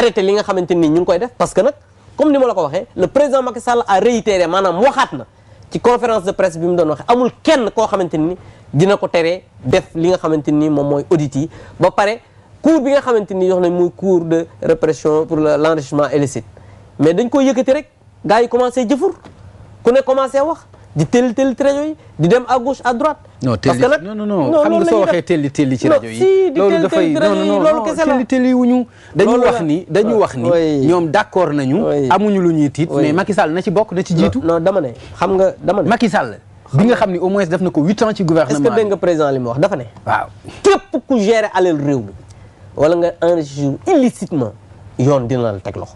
arrêté li nga xamante ni ñu ngi koy def parce que nag comme ni ma la ko waxee le président Macky Sall a réitéré maanaam waxaat na ci conférence de presse bi mu doon waxee amul kenn ko xamante ni dina ko tere def li nga xamante ni moom mooy audit ba pare cour bi nga xamante ni jox nañ muy cour de répression pour l'enrichissement illicite mais dañ ko yëkkati rek gars yi commencé jëfur ku ne commencé wax di telli telli ci rajo yi di dem à gauche à droite. non telli parce que non non non xam nga soo telli ci rajo yi. loolu dafay non non non telli wu wuñu. dañu wax ni dañu wax ni ñoom d' accord nañu. amuñu lu ñuy tiit mais Macky Sall na ci bokk na ci jiitu. no dama ne xam nga dama ne. Macky Sall bi nga xam ni au moins daf na ko huit ans ci gouvernement. est ce que dégg nga président li mu waaw képp ku gérer alal réew mi. wala nga enrichir illicitement yoon dina la teg loxo.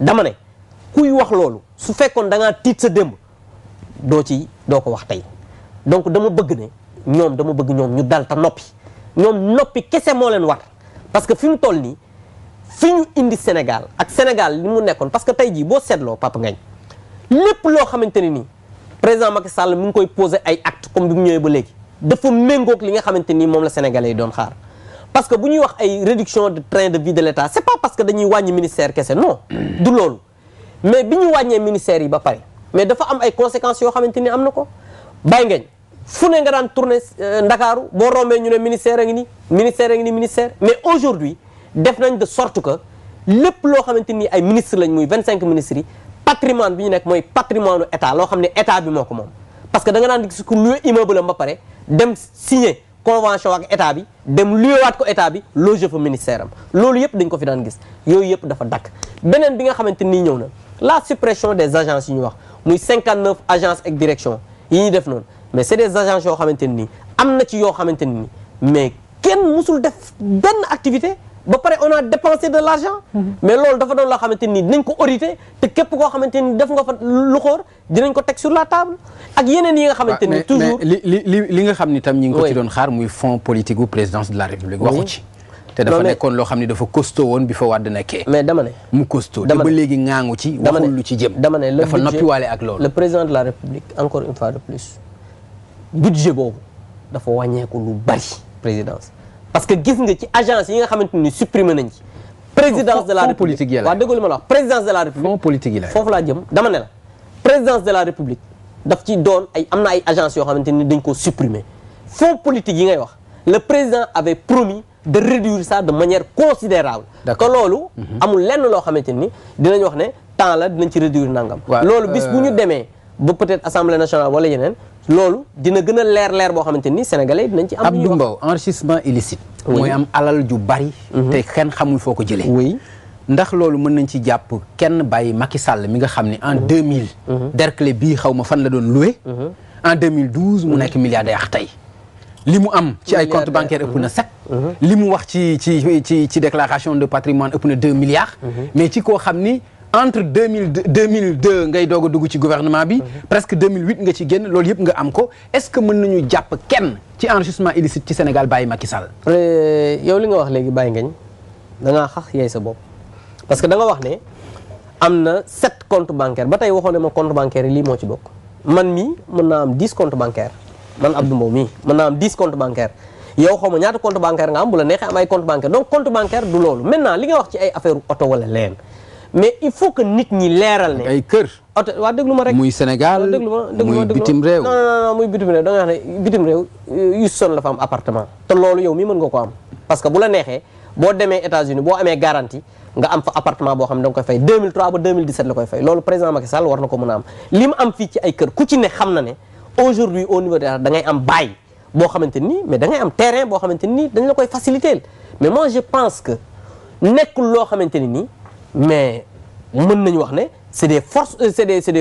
dama ne kuy wax loolu su fekkoon da ngaa tiit sa démb doo ci doo ko wax tey donc dama bëgg ne ñoom dama bëgg ñoom ñu dal te noppi ñoom noppi kese moo leen war parce que fi mu toll nii fi ñu indi Sénégal ak Sénégal li mu nekkoon parce que tey jii boo seetloo Papa Ngagne lépp loo xamante ne nii président Macky Sall mu ngi koy posé ay acte comme bi mu ñëwee ba léegi dafa méngoog li nga xamante nii moom la sénégalais yi doon xaar parce que bu ñuy wax ay réduction de train de vie de l'État c'est pas parce que dañuy wàññi ministère kese non du loolu mais bi ñu wàññee yi ba pare mais dafa am ay conséquences yoo xamante ni am na ko bàyyi ngeen fu ne nga daan tourné euh, Ndakaaru boo rombee ñu ne ministère a ni ministère a ni ministère mais aujourd'hui def nañ de sorte que lépp loo xamante ni ay ministre lañ muy 25 ministres yi patrimoine bi ñu nekk mooy patrimoine état loo xam ne état bi moo ko moom parce que da nga daan gis ku loué immeuble am ba pare dem signé convention ak état bi dem loué waat ko état bi loge fa ministère am loolu yëpp dañ ko fi daan gis yooyu yëpp dafa dakk beneen bi nga xamante nii ñëw na la suppression des agences yi ñu wax muy 59 agence ak direction yi ñuy def noonu mais c'est des agences yoo xamante ne nii am na ci yoo xamante ne nii mais kenn musul def benn activité ba pare on a dépensé de l'argent mm-hmm. mais loolu dafa doon loo xamante nii dinañ ko auditer te képp koo xamante ni def nga fa lu xóor dinañ ko teg sur la table ak yeneen yi nga xamante ni ah, toujours li li nga xam ni tam ñi ngi ko ci doon xaar muy fon politique gu présidence de la république waxu ci te dafa nekkoon loo xam ne dafa costaud woon bi fa Wade nekkee. mais dama ne. mu costaud te léegi ŋaangu ci. waxul lu ci jëm dama ne dafa noppiwaale ak loolu. le président de la république encore une fois budget boobu dafa wàññeeku lu bari présidence parce que gis nga ci agence yi nga xamante ni supprimer nañ ci. présidence de la république politique yi la ma la wax présidence de la république. jëm dama la. présidence de la république daf ci doon ay am na ay agence yoo xamante ni dañ koo supprimer fonds politique yi ngay wax le président avait promis. de réduire ça de manière considérable te loolu mhm. amul lenn loo xamante ni dinañ wax ne temps la dinañ ci réduire nangam loolu bis bu ñu euh, demee ba peut-être assemblée nationale wala yeneen loolu dina gën a leer leer boo xamante ni sénégalais dinañ ci am Abdou Mbow enrichissement illicite mooy am alal ju bari mhm. te kenn xamul foo ko jëlee oui ndax loolu mën nañ ci jàpp kenn bàyyi Macky Sall mi nga xam ne en 2000 mhm. Derklé bii xaw ma fan la doon loué en 2012 mu nekk milliardaire tey li mu am ci ay compte bancaire ëpp na sept mhm. li mu wax ci ci ci ci déclaration de patrimoine ëpp na deux milliards mhm. mais ci ko xam ni entre deux mille deux mille deux ngay doog a dugg ci gouvernement bi mhm. presque deux mille huit nga ci génn loolu yëpp nga am ko est-ce que mën nañu jàpp kenn ci enrichissement illicite ci Sénégal bàyyi Macky sal euh, yow li nga wax léegi bàyyi ngañ da ngaa xax sa bopp parce que da wax ne am na sept compte bancaire ba tey waxoon ne ma compte bancaire yi lii moo ci bokk man mi mën naa a dix compte bancaire man Abdou Mbow mii mën naa am 10 compte bancaire yow xaw ma ñaata compte bancaire nga am bu la neexee am ay compte bancaire donc compte bancaire du loolu maintenant li nga wax ci ay affaire oto wala leen mais il faut que nit ñi leeral ne. ay kër oto waa déglu ma rek. muy Sénégal muy bitim réew. non non non muy bitim réew da nga wax ne bitim réew euh, yu son la fa am appartement. te loolu yow mii mën nga ko am parce que bu la neexee boo demee États-Unis boo amee garantie nga am fa appartement boo xam ne da nga a am li mu am ku ci xam na ne. aujourd'hui au niveau de da ngay am bail boo xamante ni mais dangay am terrain boo xamante ni dañ la koy faciliter mais moi je pense que nekkul loo xamante ni nii mais mën nañu wax ne c'est des forces euh, c'est des c'est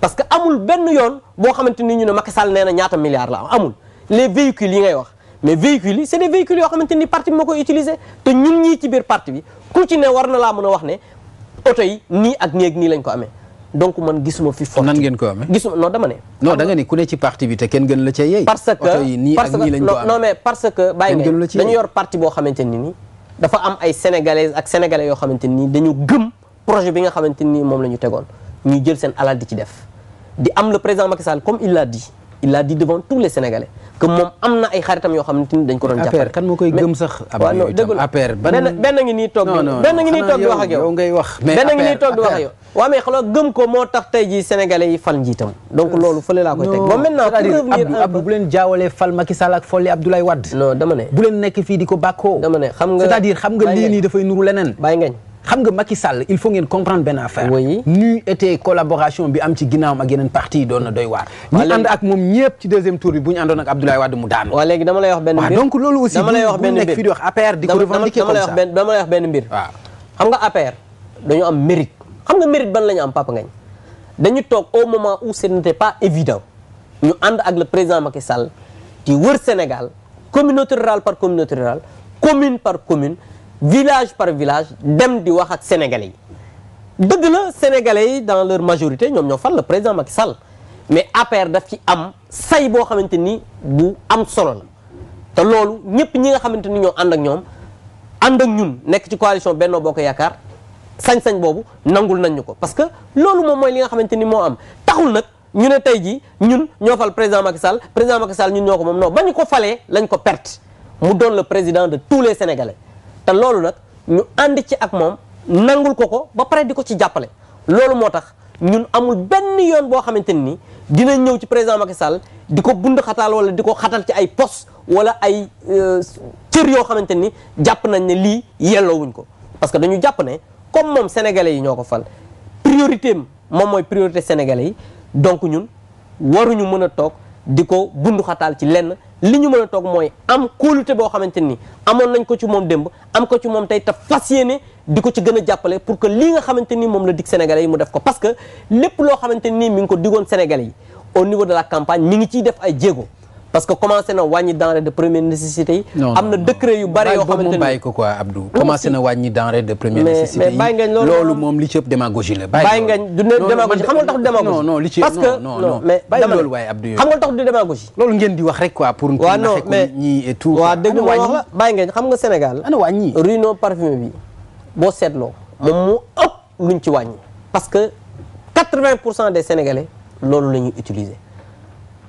parce que amul benn yoon boo xamante ni ñu ne Macky Sall nee na ñaata milliards la am amul les véhicules yi ngay wax mais véhicules yi c'est des véhicules yoo xamante ni parti bi moo koy utiliser te ñun ñii ci biir parti bi ku ci ne war na laa mën a wax ne oto yi nii ak nii ak nii lañ ko amee donc man gisuma fi fort. nan ngeen ko amee gisuma non dama ne. non da nga ni ku ne ci parti bi te kenn gën la cee parce que nii ak nii lañ ko amee dañu ni nii. dafa am ay sénégalaises ak sénégalais yoo ni dañu gëm projet bi nga xamante moom la ñu tegoon ñu jël seen alal di ci def. di am le président Macky Sall comme il l'a dit il l'a dit devant tous les sénégalais que moom am na ay xaritam yoo xamante ni dañ ko doon jàppale. APR kan moo koy gëm sax. waaw non benn ngi nii toog. di wax ak yow. benn ngi nii toog di wax ak yow waaw mais xoolal gëm ko moo tax tey jii sénégalais yi fal njiitam donc euh, loolu fële laa koy teg bon maintenant Abdou leen jaawalee fal Macky ak folli Abdoulaye Wade non dama ne bu leen nekk fii di ko bàkkoo dama ne xam nga c'est-à-dire xam nga lii nii dafay nuru leneen bàyyi ngañ xam nga Macky Sall il faut ngeen comprendre benn affaire oui nu était collaboration bi am ci ginnaawam ma yeneen parti yi doon na doy waar ñi ànd ak moom ñëpp ci deuxième tour bi bu ñu àndoon ak Abdoulaye Wade mu daanu waaw léegi dama lay wax benn mbir donc loolu aussi dama lay wax benn mbir nekk xam nga mérite ban lañu ñu am Papa Ngagne dañu toog au moment où ce n'était pas évident ñu ànd ak le président Macky Sall di wër Sénégal communauté rural par communauté rurale commune par commune village par village dem di wax ak sénégalais yi dëgg la sénégalais yi dans leur majorité ñoom ñoo fal la président Macky sal mais APR daf ci am say boo xamante ni bu am solo la te loolu ñëpp ñi nga xamante ni ñoo ànd ak ñoom ànd ak ñun nekk ci coalition Benno Bokk Yaakaar sañ-sañ boobu nangul nañ ñu ko parce que loolu moom mooy li nga xamante ni moo am taxul nag ñu ne tey jii ñun ñoo fal président Macky Sall président Macky Sall ñun ñoo ko moom non ba ñu ko falee lañ ko perte mu doon le président de tous les sénégalais te loolu nag ñu ànd ci ak moom nangul ko ko ba pare di ko ci jàppale loolu moo tax ñun amul benn yoon boo xamante ni dinañ ñëw ci président Macky Sall di ko bund xataal wala di ko xatal ci ay poste wala ay euh, cër yoo xamante ni jàpp nañ ne lii yelloowuñ ko parce que dañu jàpp ne comme moom sénégalais yi ñoo ko fal priorité am moom mooy priorité sénégalais yi donc ñun waruñu mën a toog di ko bundu ci lenn li ñu mën a toog mooy am kóolute boo xamante ni amoon nañ ko ci moom démb am ko ci moom tey te fas yéene di ko ci gën a jàppale pour que li nga xamante ni moom la dig sénégalais yi mu def ko parce que lépp loo xamante ni mi ngi ko digoon sénégalais yi au niveau de la campagne mi ngi ciy def ay jéego parce que commencé na wàññi denrée de première nécessité yi. am na décret yu bare yoo xamante ne bàyyi ko quoi Abdou. commencé na wàññi denrée de première nécessité yi mais loolu moom li ci ëpp démagogie la. bàyyi ngañ du ne démagogie xam nga tax du démagogie. non non li ci parce que non mais bàyyi loolu waaye Abdou xam nga tax du démagogie. loolu ngeen di wax rek quoi pour. waaw non mais ñii et tout. waaw dégg nga wax la bàyyi ngañ xam nga Sénégal. ana wàññi Rino parfumé bi boo seetloo. moom moo ëpp luñ ci wàññi. parce que 80 pour cent des Sénégalais loolu la ñuy utiliser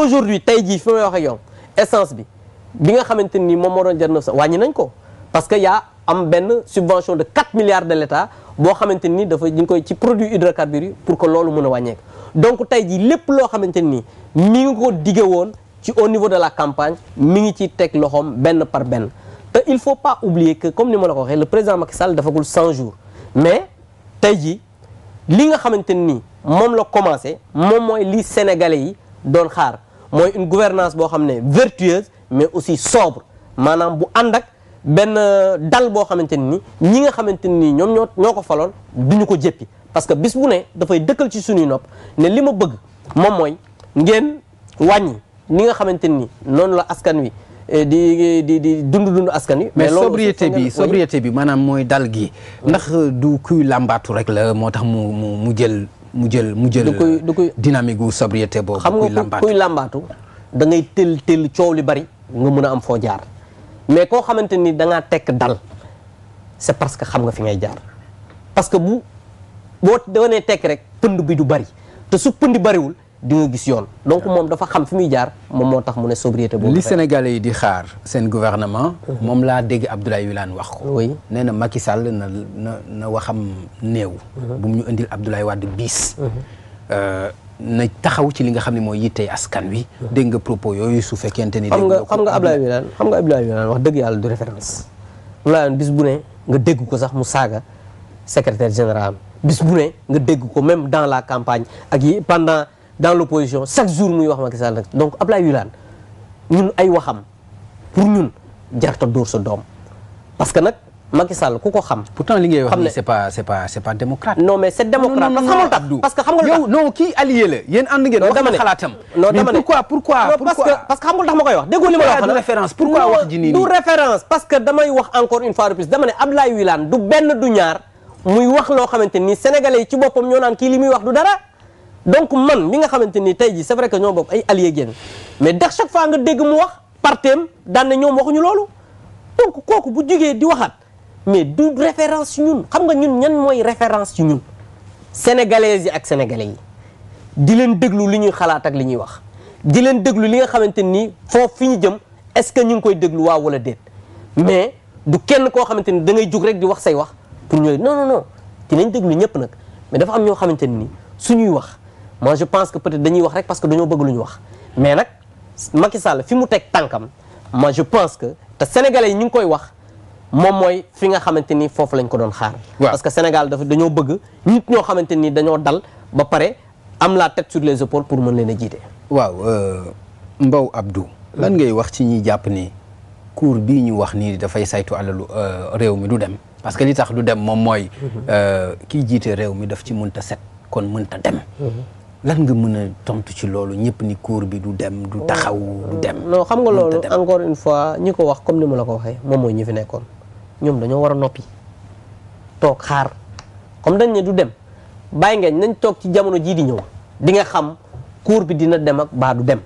aujourd'hui tey ji fi may waxee ak yow essence bi bi nga xamante ni moom moo doon jar 900 wàññi nañ ko parce que am benn subvention de 4 milliards de l'État boo xamante ni dafa ñu ngi koy ci produit hydrocarbures pour que loolu mën a wàññeeku donc jii lépp loo xamante ni mi ngi ko woon ci au niveau de la campagne mi ngi ci teg loxoom benn par benn te il faut pas oublier que comme ni ma la ko waxee le président Macky Sall dafagul 100 jours mais tey jii li nga xamante ni moom la commencé moom mooy lii Sénégalais yi doon xaar mooy une gouvernance boo xam ne vertueuse mais aussi sobre maanaam bu ànd ak benn euh, dal boo xamante ni ñi nga xamante ni ñoom ñoo ñoo ko faloon duñu ko jéppi parce que bis bu ne dafay dëkkal ci suñuy nopp ne li ma bëgg moom mooy ngeen wàññi ni nga xamante ni noonu la askan wi euh, di di di dund dund askan wi. mais sobriété bi sobriété bi maanaam mooy dal gi. ndax euh, du kuy làmbaatu rek la moo tax mu mu mu jël. mu jël mu jël. du koy du koy dynamique gu sobriété boobu. xam nga kuy làmbaatu da ngay tël tël coow li bari nga mën a am foo jaar mais koo xamante ni da ngaa tekk dal c'est parce que xam nga fi ngay jaar parce que bu boo doonee tekk rek pënd bi du bari te su pëndi bariwul di nga gis yoon donc moom dafa xam fi muy jaar moom moo tax mu ne sobriété boobu li sénégalais yi di xaar seen gouvernement mhm. moom laa dégg Abdoulaye Wilane wax ko nee na Macky Sall na na na waxam néew mhm. bu mu ñu indil Abdoulaye Wade biis mhm. euh, na taxaw ci li nga xam ne mooy yittey askan wi dégg nga propos yooyu su fekkente ni xam nga xam nga Abdoulaye Wilane xam nga Abdoulaye Wilane wax dëgg yàlla du référence Abdoulaye Wilane bu ne nga dégg ko sax mu saaga secrétaire général bis bu ne nga dégg ko même dans la campagne ak yi pendant dans l'opposition chaque jour muy wax Macky Sall nag donc Ablaye que nag wax nii c'est pas c'est damay wax encore une fois de plus loo xamante ni sénégalais yi ci boppam ñoo naan kii li muy wax du dara. donc man mi nga xamante ni tey ji c'est vrai que ñoo bokk ay alliés génn mais de chaque fois nga dégg mu wax parteem daan na ñoom waxuñu loolu donc kooku bu jugee di waxaat mais du référence ci ñun xam nga ñun ñan mooy référence ci ñun sénégalais yi ak sénégalais yi di leen déglu li ñuy xalaat ak li ñuy wax di leen déglu li nga xamante nii foofu fi ñu jëm est-ce que ñu ngi koy déglu waaw wala déet mais du kenn koo xamante ni da ngay jug rek di wax say wax pour ñooy non non non déglu ñëpp nag dafa am ñoo xamante ni suñuy wax. moi je pense que peut-être dañuy wax rek parce que dañoo bëgg lu ñu wax mais nag Macky Sall fi mu teg tànkam moi je pense que te sénégalais yi ñu ngi koy wax moom mooy fi nga xamante ni foofu lañ ko doon xaar. parce que Sénégal dafa dañoo bëgg nit ñoo xamante nii dañoo dal ba pare am laa tête sur les épaules pour mën leen a jiite. waaw euh, Mbow Abdou. lan ngay wax ci ñuy jàpp ni cour bii ñu wax nii dafay saytu alalu euh, réew mi du dem parce que li tax du dem moom mooy. Mhm. Euh, kii jiite réew mi daf ci mënta set kon mënta dem. Mhm. lan nga mën a tontu ci loolu ñëpp ni cours bi du dem du taxaw du mm. dem non xam nga loolu encore une fois ñi ko wax comme ni mu la ko waxee moom mooy ñi fi nekkoon ñoom dañoo war a noppi toog xaar comme dañ ne du dem bàyyi ngeen nañ toog ci jamono jii di ñëw di nga xam cours bi dina dem ak baa du dem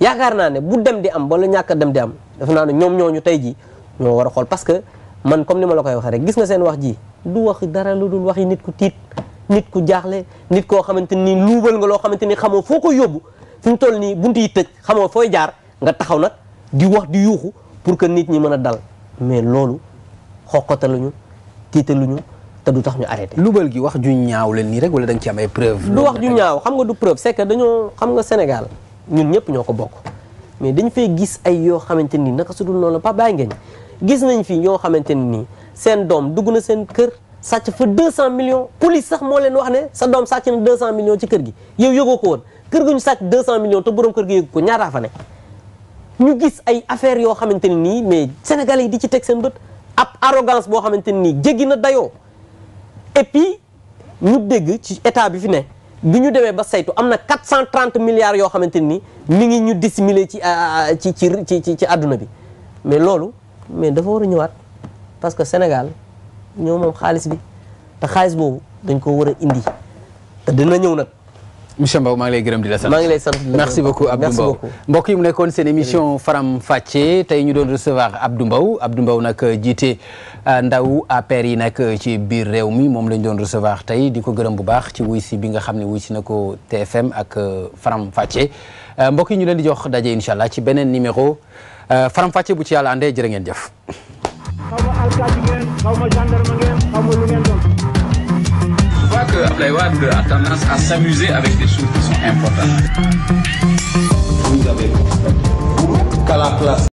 yaakaar naa ne bu dem di am wala ñàkk dem di am def naa ne ñoom ñooñu tey ji ñoo war a xool parce que man comme ni ma la koy waxee rek gis nga seen wax ji du wax dara lu dul waxi nit ku tiit nit ku jaaxle nit koo xamante nii luubal nga loo xamante ni xamoo foo ko yóbbu fu ñu toll nii bunt yi tëj xamoo fooy jaar nga taxaw nag di wax di yuuxu pour que nit ñi mën a dal mais loolu xoqataluñu ñu te du tax ñu arrêté. luubal gi wax ju ñaaw la nii rek wala da ci am ay preuve. du wax ju ñaaw xam nga du preuve c'est dañoo xam nga Sénégal ñun ñëpp ñoo ko bokk mais dañu fay gis ay yoo xamante nii naka su dul noonu la pas bàyyi ngeen gis nañ fi ñoo xamante ni seen doom dugg na seen kër. sàcc fa 200 millions police sax moo leen wax ne sa doom sàcc na 200 millions ci kër gi yow yëgoo ko woon kër gi ñu sàcc 200 millions te borom kër gi yëgu ko ñaataa fa ne ñu gis ay affaires yoo xamante ne nii mais sénégalais yi di ci teg seen bët ab arrogance boo xamante ne nii jéggi na dayoo et puis ñu dégg ci état bi fi ne bi ñu demee ba saytu am na 430 milliards yoo xamante ni mi ngi ñu dissimuler euh, euh, ci ci ci ci ci àdduna bi mais loolu mais dafa war a ñëwaat parce que Sénégal ñoo moom xaalis bi te xaalis boobu dañ ko war a indi te dina ñëw nag monsieur Mbow maa ngi lay gërëm di la sant maa ngi lay sant merci beaucoup Abdou Mbow mbokk yi mu nekkoon seen mission Faram Facce tey ñu doon recevoir Abdou Mbow Abdou Mbow nag euh, jiite euh, ndaw APR yi nag euh, ci biir réew mi moom lañ doon recevoir tey di ko gërëm bu baax ci wuy si bi nga xam ne wuy si na ko TFM ak Faram Facce mbokk yi ñu leen di jox daje incha allah ci beneen numéro Faram Facce bu ci yàlla àndee jërë ngeen jëf xaw ma gendarme ngeen je vois que Abdoulaye Wade a tendance à s'amuser avec des choses qui sont importantes. qu'à la place.